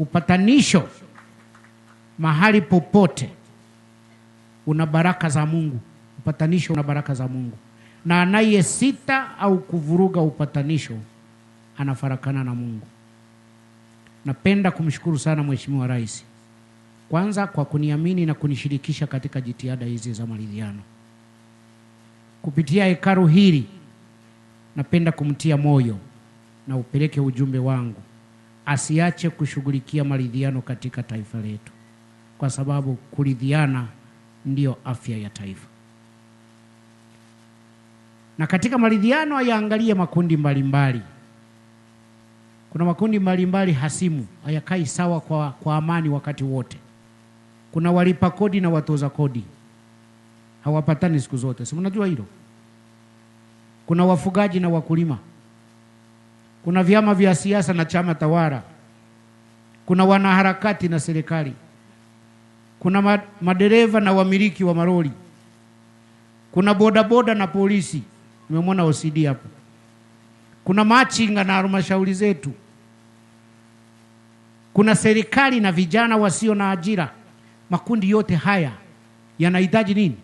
Upatanisho mahali popote una baraka za Mungu. Upatanisho una baraka za Mungu, na anayesita au kuvuruga upatanisho anafarakana na Mungu. Napenda kumshukuru sana Mheshimiwa Rais kwanza kwa kuniamini na kunishirikisha katika jitihada hizi za maridhiano. Kupitia hekalu hili napenda kumtia moyo na upeleke ujumbe wangu asiache kushughulikia maridhiano katika taifa letu, kwa sababu kuridhiana ndiyo afya ya taifa. Na katika maridhiano ayaangalie makundi mbalimbali mbali. Kuna makundi mbalimbali mbali hasimu hayakai sawa kwa, kwa amani wakati wote. Kuna walipa kodi na watoza kodi hawapatani siku zote, si mnajua hilo. Kuna wafugaji na wakulima kuna vyama vya siasa na chama tawala, kuna wanaharakati na serikali, kuna madereva na wamiliki wa malori, kuna bodaboda na polisi. Nimemwona OCD hapo. Kuna machinga na halmashauri zetu, kuna serikali na vijana wasio na ajira. Makundi yote haya yanahitaji nini?